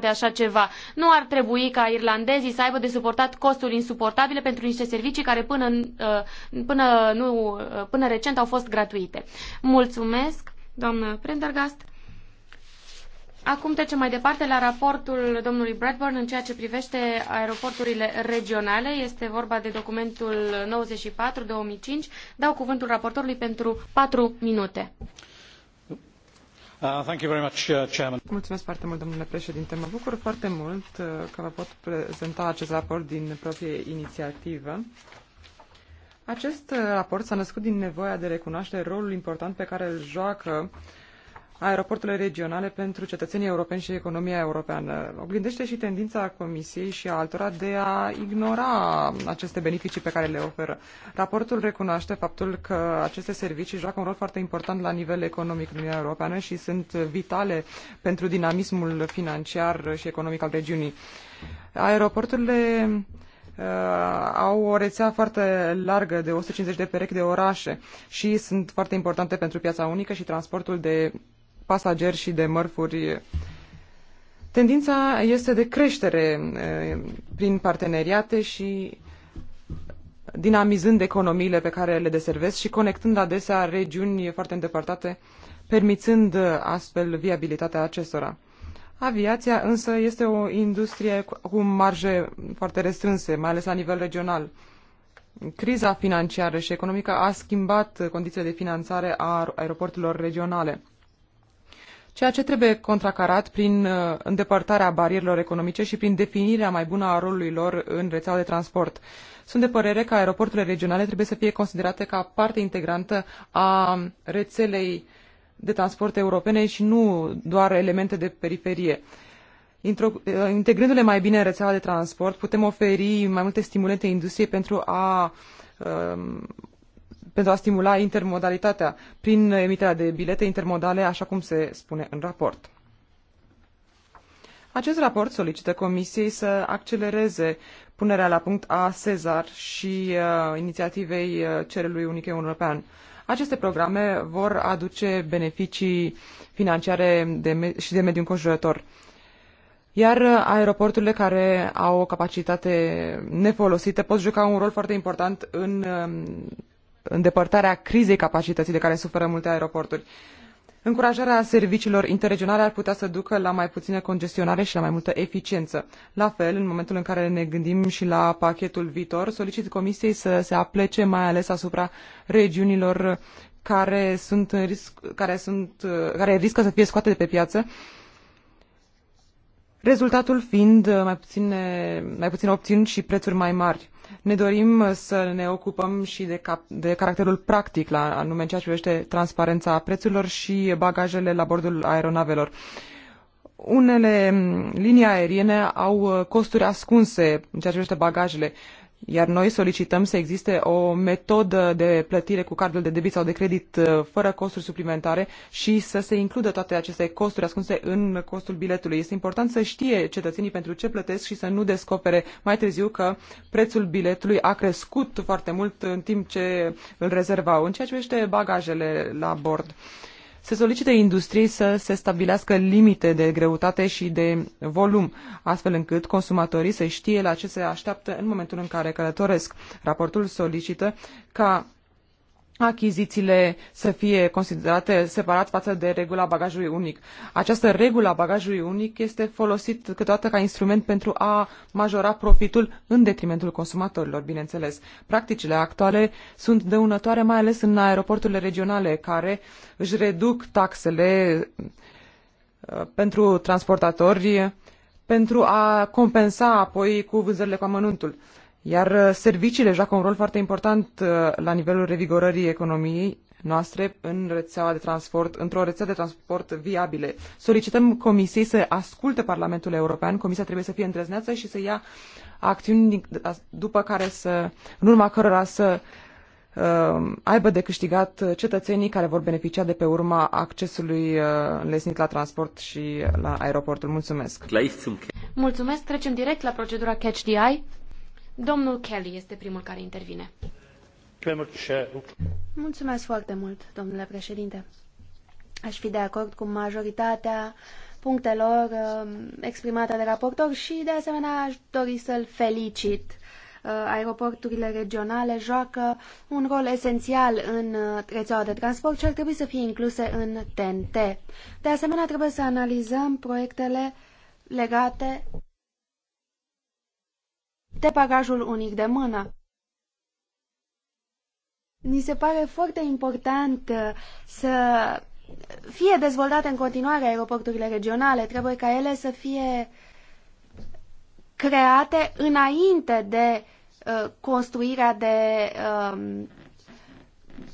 de așa ceva. Nu ar trebui ca irlandezii să aibă de suportat costuri insuportabile pentru niște servicii care până, uh, până, nu, uh, până recent au fost gratuite. Mulțumesc, doamnă Prendergast. Acum trecem mai departe la raportul domnului Bradburn în ceea ce privește aeroporturile regionale. Este vorba de documentul 94-2005. Dau cuvântul raportorului pentru 4 minute. Uh, uh, Mulțumesc foarte mult, domnule președinte. Mă bucur foarte mult uh, că vă pot prezenta acest raport din proprie inițiativă. Acest raport s-a născut din nevoia de recunoaște rolul important pe care îl joacă aeroporturile regionale pentru cetățenii europeni și economia europeană. Oglindește și tendința Comisiei și a altora de a ignora aceste beneficii pe care le oferă. Raportul recunoaște faptul că aceste servicii joacă un rol foarte important la nivel economic în Uniunea Europeană și sunt vitale pentru dinamismul financiar și economic al regiunii. Aeroporturile uh, au o rețea foarte largă de 150 de perechi de orașe și sunt foarte importante pentru piața unică și transportul de pasageri și de mărfuri. Tendința este de creștere eh, prin parteneriate și dinamizând economiile pe care le deservesc și conectând adesea regiuni foarte îndepărtate, permițând astfel viabilitatea acestora. Aviația însă este o industrie cu marje foarte restrânse, mai ales la nivel regional. Criza financiară și economică a schimbat condițiile de finanțare a aeroporturilor regionale ceea ce trebuie contracarat prin uh, îndepărtarea barierelor economice și prin definirea mai bună a rolului lor în rețeaua de transport. Sunt de părere că aeroporturile regionale trebuie să fie considerate ca parte integrantă a rețelei de transport europene și nu doar elemente de periferie. Uh, integrându-le mai bine în rețeaua de transport, putem oferi mai multe stimulente industriei pentru a uh, pentru a stimula intermodalitatea prin emiterea de bilete intermodale, așa cum se spune în raport. Acest raport solicită Comisiei să accelereze punerea la punct a Cezar și uh, inițiativei uh, Cerului Unic European. Aceste programe vor aduce beneficii financiare de și de mediu înconjurător. Iar uh, aeroporturile care au o capacitate nefolosită pot juca un rol foarte important în um, îndepărtarea crizei capacității de care suferă multe aeroporturi. Încurajarea serviciilor interregionale ar putea să ducă la mai puțină congestionare și la mai multă eficiență. La fel, în momentul în care ne gândim și la pachetul viitor, solicit Comisiei să se aplece mai ales asupra regiunilor care, sunt risc, care, sunt, care riscă să fie scoate de pe piață uh, Rezultatul fiind uh, mai puțin, mai puțin obținut și prețuri mai mari. Ne dorim uh, să ne ocupăm și de, cap, de caracterul practic, la, anume în ceea ce privește transparența prețurilor și bagajele la bordul aeronavelor. Unele mm, linii aeriene au uh, costuri ascunse în ceea ce privește bagajele iar noi solicităm să existe o metodă de plătire cu cardul de debit sau de credit uh, fără costuri suplimentare și să se includă toate aceste costuri ascunse în costul biletului. Este important să știe cetățenii pentru ce plătesc și să nu descopere mai târziu că prețul biletului a crescut foarte mult în timp ce îl rezervau. În ceea ce privește bagajele la bord. Uh, se solicită industriei să se stabilească limite de greutate și de volum, astfel încât consumatorii să știe la ce se așteaptă în momentul în care călătoresc. Raportul solicită ca achiziiile să fie considerate separat față de regula bagajului unic. Această regulă a bagajului unic este folosită câteodată ca instrument pentru a majora profitul în detrimentul consumatorilor, bineîneles. Practicile actuale sunt dăunătoare mai ales în aeroporturile regionale care îi reduc taxele uh, pentru transportatori pentru a compensa apoi cu vânzările cu amănuntul. Iar uh, serviciile joacă un rol foarte important uh, la nivelul revigorării economiei noastre în rețeaua de transport, într-o rețea de transport viabile. Solicităm Comisiei să asculte Parlamentul European. Comisia trebuie să fie îndrăzneață și să ia acțiuni după care să, în urma cărora să uh, aibă de câștigat cetățenii care vor beneficia de pe urma accesului uh, lesnic la transport și la aeroportul. Mulțumesc! Mulțumesc! Trecem direct la procedura Catch the Eye. Domnul Kelly este primul care intervine. Mulțumesc foarte mult, domnule președinte. Aș fi de acord cu majoritatea punctelor um, exprimate de raportor și, de asemenea, aș dori să-l felicit. Uh, aeroporturile regionale joacă un rol esențial în uh, rețeaua de transport și ar trebui să fie incluse în TNT. De asemenea, trebuie să analizăm proiectele legate de bagajul unic de mână. Ni se pare foarte important uh, să fie dezvoltate în continuare aeroporturile regionale. Trebuie ca ele să fie create înainte de uh, construirea de um,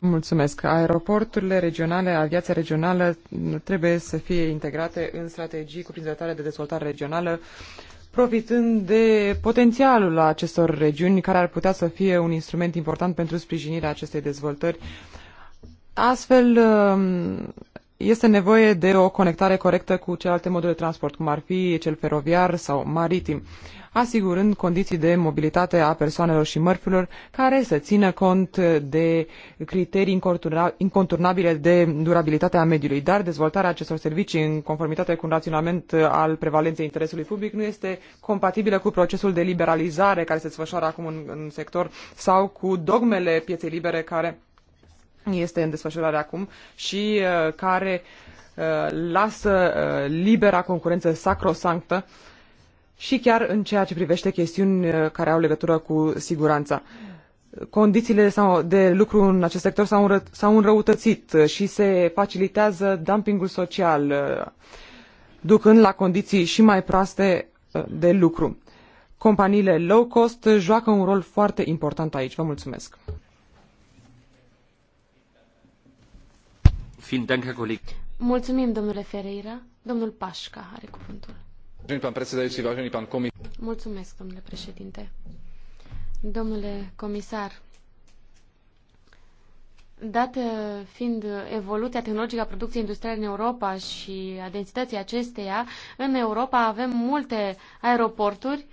Mulțumesc. Aeroporturile regionale, aviația regională trebuie să fie integrate în strategii cuprinzătoare de dezvoltare regională, profitând de potențialul acestor regiuni care ar putea să fie un instrument important pentru sprijinirea acestei dezvoltări. Astfel, um, este nevoie de o conectare corectă cu celelalte moduri de transport, cum ar fi cel feroviar sau maritim asigurând condiții de mobilitate a persoanelor și mărfurilor care să țină cont de criterii inconturnabile de durabilitate a mediului. Dar dezvoltarea acestor servicii în conformitate cu un raționament al prevalenței interesului public nu este compatibilă cu procesul de liberalizare care se desfășoară acum în, în sector sau cu dogmele pieței libere care este în desfășurare acum și uh, care uh, lasă uh, libera concurență sacrosanctă și chiar în ceea ce privește chestiuni uh, care au legătură cu siguranța. Condițiile de lucru în acest sector s-au, înrăutățit uh, și se facilitează dumpingul social, uh, ducând la condiții și mai proaste de lucru. Companiile low cost joacă un rol foarte important aici. Vă mulțumesc! Mulțumim, domnule Ferreira. Domnul Pașca are cuvântul. Mulțumesc, domnule președinte. Domnule comisar, dată fiind evoluția tehnologică a producției industriale în Europa și a densității acesteia, în Europa avem multe aeroporturi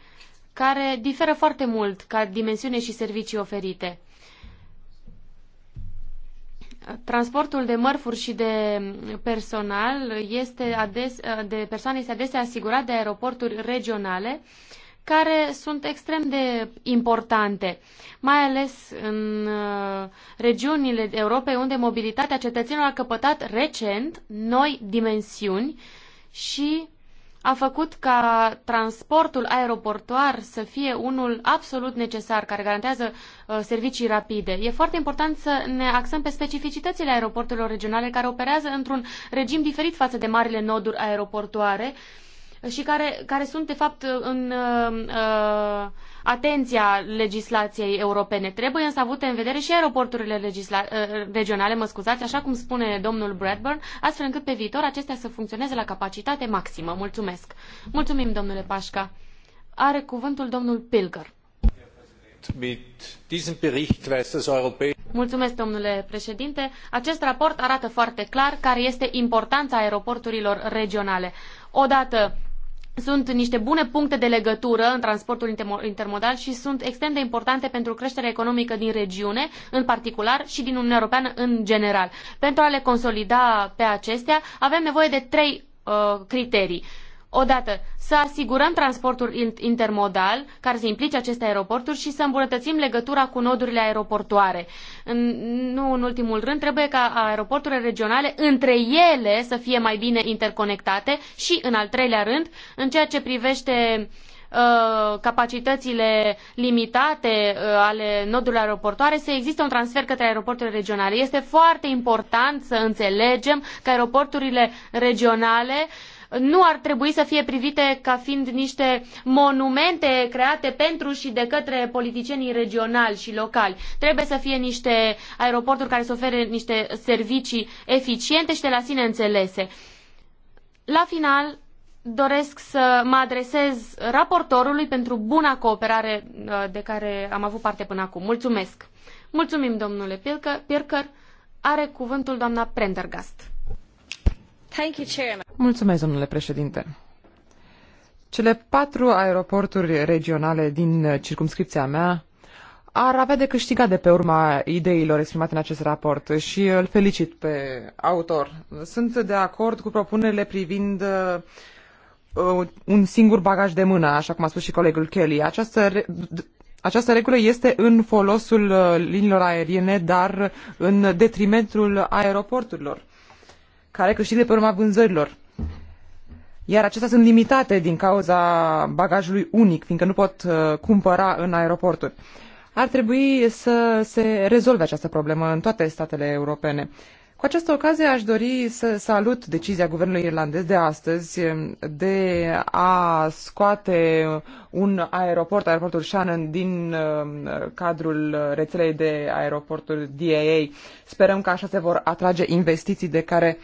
care diferă foarte mult ca dimensiune și servicii oferite. Transportul de mărfuri și de personal este ades, de persoane este adesea asigurat de aeroporturi regionale care sunt extrem de importante, mai ales în uh, regiunile Europei unde mobilitatea cetățenilor a căpătat recent noi dimensiuni și a făcut ca transportul aeroportuar să fie unul absolut necesar, care garantează uh, servicii rapide. E foarte important să ne axăm pe specificitățile aeroporturilor regionale care operează într-un regim diferit față de marile noduri aeroportuare și care, care sunt, de fapt, în uh, atenția legislației europene. Trebuie însă avute în vedere și aeroporturile legisla- uh, regionale, mă scuzați, așa cum spune domnul Bradburn, astfel încât pe viitor acestea să funcționeze la capacitate maximă. Mulțumesc! Mulțumim, domnule Pașca! Are cuvântul domnul Pilger. Mulțumesc, domnule președinte. Acest raport arată foarte clar care este importanța aeroporturilor regionale. Odată sunt niște bune puncte de legătură în transportul intermodal și sunt extrem de importante pentru creșterea economică din regiune, în particular, și din Uniunea Europeană în general. Pentru a le consolida pe acestea, avem nevoie de trei uh, criterii. Odată, să asigurăm transportul intermodal care să implice aceste aeroporturi și să îmbunătățim legătura cu nodurile aeroportoare. Uh, în, nu în ultimul rând, trebuie ca aeroporturile regionale între ele să fie mai bine interconectate și, în al treilea rând, în ceea ce privește uh, capacitățile limitate uh, ale nodurilor aeroportoare, să existe un transfer către aeroporturile regionale. Este foarte important să înțelegem că aeroporturile regionale uh, nu ar trebui să fie privite ca fiind niște monumente create pentru și de către politicienii regionali și locali. Trebuie să fie niște aeroporturi care să ofere niște servicii eficiente și de la sine înțelese. La final, doresc să mă adresez raportorului pentru buna cooperare uh, de care am avut parte până acum. Mulțumesc! Mulțumim, domnule Pirker. Are cuvântul doamna Prendergast. Mulțumesc, domnule președinte. Cele patru aeroporturi regionale din uh, circumscripția mea ar avea de câștigat de pe urma ideilor exprimate în acest raport și îl felicit pe autor. Sunt de acord cu propunerile privind uh, uh un singur bagaj de mână, așa cum a spus și colegul Kelly. Această re- această regulă este în folosul uh, liniilor aeriene, dar în detrimentul aeroporturilor care câștigă pe urma vânzărilor. Iar acestea sunt limitate din cauza bagajului unic, fiindcă nu pot uh, cumpăra în aeroporturi. Ar trebui să se rezolve această problemă în toate statele europene. Cu această ocazie aș dori să salut decizia guvernului irlandez de astăzi um, de a scoate un aeroport, aeroportul Shannon, din um, cadrul rețelei de aeroporturi DAA. Sperăm că așa se vor atrage investiții de care uh,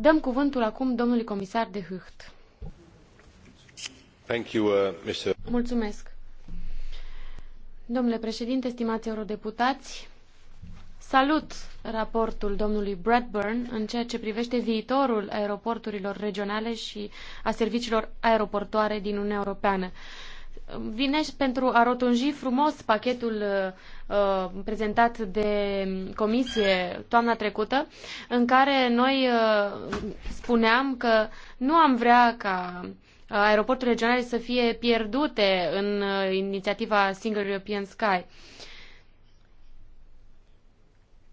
Dăm cuvântul acum domnului comisar de Hucht. Thank you, uh, Mr. Mulțumesc. Domnule președinte, stimați eurodeputați, salut raportul domnului Bradburn în ceea ce privește viitorul aeroporturilor regionale și a serviciilor aeroportoare din Uniunea Europeană. Uh, vine pentru a rotunji frumos pachetul uh, uh, prezentat de comisie toamna trecută, în care noi uh, spuneam că nu am vrea ca aeroporturile regionale să fie pierdute în uh, inițiativa Single European Sky. Uh,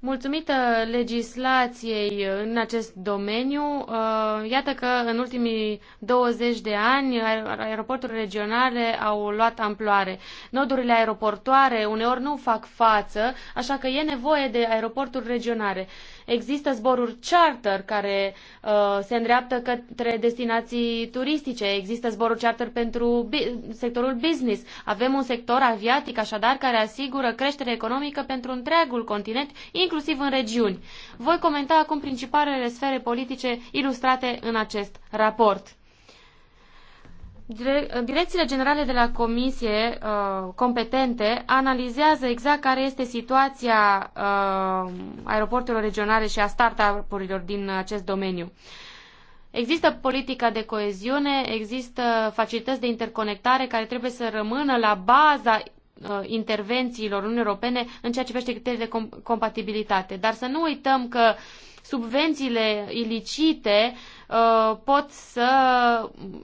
Mulțumită legislației în acest domeniu, uh, iată că în ultimii 20 de ani aeroporturile regionale au luat amploare. Nodurile aeroportoare uneori nu fac față, așa că e nevoie de aeroporturi regionale. Există zboruri charter care uh, se îndreaptă către destinații turistice, există zboruri charter pentru bi- sectorul business. Avem un sector aviatic, așadar, care asigură creștere economică pentru întregul continent, inclusiv în regiuni. Voi comenta acum principalele sfere politice ilustrate în acest raport. Direcțiile generale de la comisie uh, competente analizează exact care este situația uh, aeroporturilor regionale și a startup-urilor din acest domeniu. Există politica de coeziune, există facilități de interconectare care trebuie să rămână la baza Uh, intervențiilor Uniunii Europene în ceea ce privește criteriile de com compatibilitate. Dar să nu uităm că subvențiile ilicite uh, pot să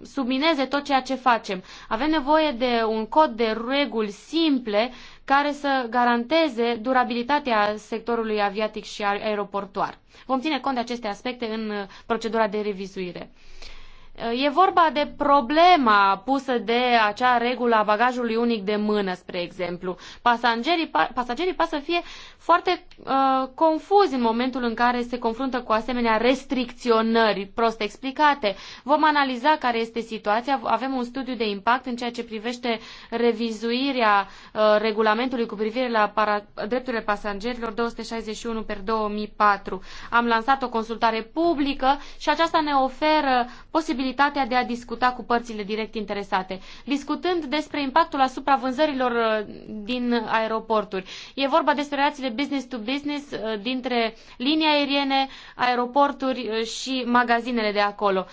submineze tot ceea ce facem. Avem nevoie de un cod de reguli simple care să garanteze durabilitatea sectorului aviatic și aeroportuar. Vom ține cont de aceste aspecte în uh, procedura de revizuire. E vorba de problema pusă de acea regulă a bagajului unic de mână, spre exemplu. Pasagerii, pasagerii pot să fie foarte uh, confuzi în momentul în care se confruntă cu asemenea restricționări prost explicate. Vom analiza care este situația, avem un studiu de impact în ceea ce privește revizuirea uh, regulamentului cu privire la para- drepturile pasagerilor 261 per 2004. Am lansat o consultare publică și aceasta ne oferă posibilitatea posibilitatea de a discuta cu părțile direct interesate, discutând despre impactul asupra vânzărilor uh, din aeroporturi. E vorba despre relațiile business to business uh, dintre linii aeriene, aeroporturi uh, și magazinele de acolo.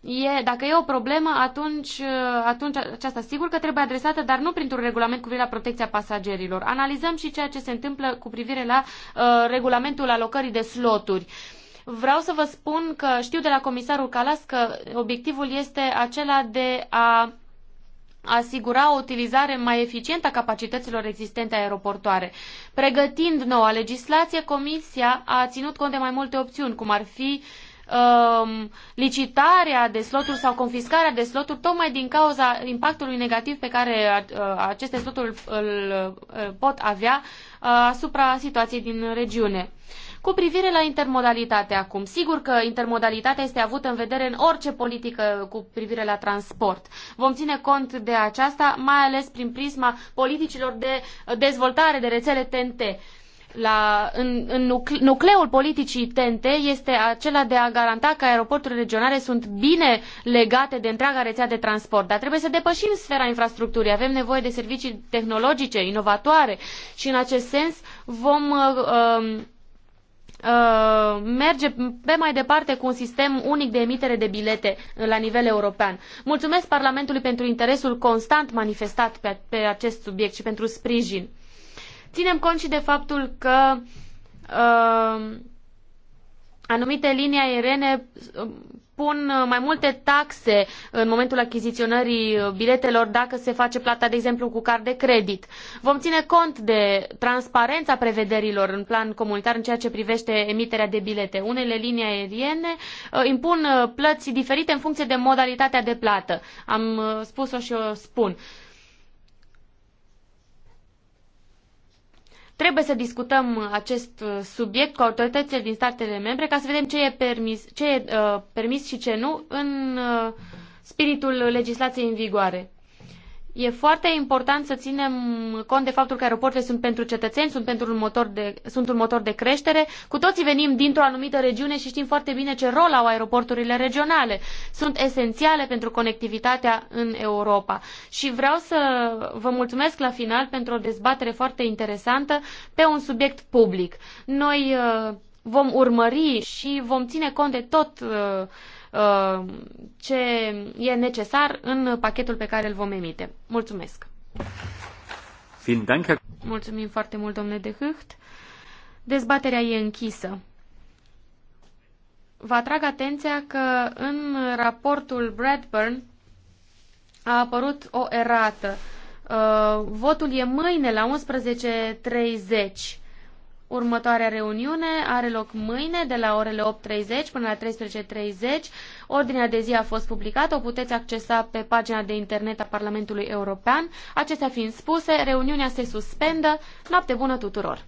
E, dacă e o problemă, atunci, atunci aceasta sigur că trebuie adresată, dar nu printr-un regulament cu privire la protecția pasagerilor. Analizăm și ceea ce se întâmplă cu privire la uh, regulamentul alocării de sloturi. Uh, Vreau să vă spun că știu de la comisarul Calas că obiectivul este acela de a asigura o utilizare mai eficientă a capacităților existente aeroportoare. Pregătind noua legislație, Comisia a ținut cont de mai multe opțiuni, cum ar fi um, licitarea de sloturi sau confiscarea de sloturi, tocmai din cauza impactului negativ pe care uh, aceste sloturi îl, îl pot avea uh, asupra situației din regiune. Cu privire la intermodalitate acum, sigur că intermodalitatea este avută în vedere în orice politică cu privire la transport. Vom ține cont de aceasta, mai ales prin prisma politicilor de dezvoltare de rețele TNT. La, în, în nucle, nucleul politicii TNT este acela de a garanta că aeroporturile regionale sunt bine legate de întreaga rețea de transport, dar trebuie să depășim sfera infrastructurii. Avem nevoie de servicii tehnologice, inovatoare și în acest sens vom uh, uh, Uh, merge pe mai departe cu un sistem unic de emitere de bilete uh, la nivel european. Mulțumesc Parlamentului pentru interesul constant manifestat pe, pe acest subiect și pentru sprijin. Ținem cont și de faptul că uh, anumite linii aeriene uh, pun uh, mai multe taxe în momentul achiziționării uh, biletelor dacă se face plata, de exemplu, cu card de credit. Vom ține cont de transparența prevederilor în plan comunitar în ceea ce privește emiterea de bilete. Unele linii aeriene uh, impun plăți diferite în funcție de modalitatea de plată. Am spus-o și o spun. Trebuie să discutăm acest uh, subiect cu autoritățile din statele membre ca să vedem ce e permis, ce e, uh, permis și ce nu în uh, spiritul legislației în vigoare. E foarte important să ținem cont de faptul că aeroporturile sunt pentru cetățeni, sunt, pentru un motor de, sunt un motor de creștere. Cu toții venim dintr-o anumită regiune și știm foarte bine ce rol au aeroporturile regionale. Sunt esențiale pentru conectivitatea în Europa. Și vreau să vă mulțumesc la final pentru o dezbatere foarte interesantă pe un subiect public. Noi uh, vom urmări și vom ține cont de tot uh, Uh, ce e necesar în pachetul pe care îl vom emite. Mulțumesc! Mulțumim foarte mult, domnule de Hücht. Dezbaterea e închisă. Vă atrag atenția că în raportul Bradburn a apărut o erată. Uh, votul e mâine la 11.30. Următoarea reuniune are loc mâine de la orele 8.30 până la 13.30. Ordinea de zi a fost publicată, o puteți accesa pe pagina de internet a Parlamentului European. Acestea fiind spuse, reuniunea se suspendă. Noapte bună tuturor!